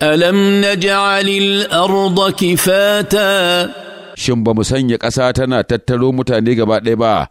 na نجعل الأرض كفاتا shin ba mu sanya ƙasa tana tattaro mutane gaba ɗaya ba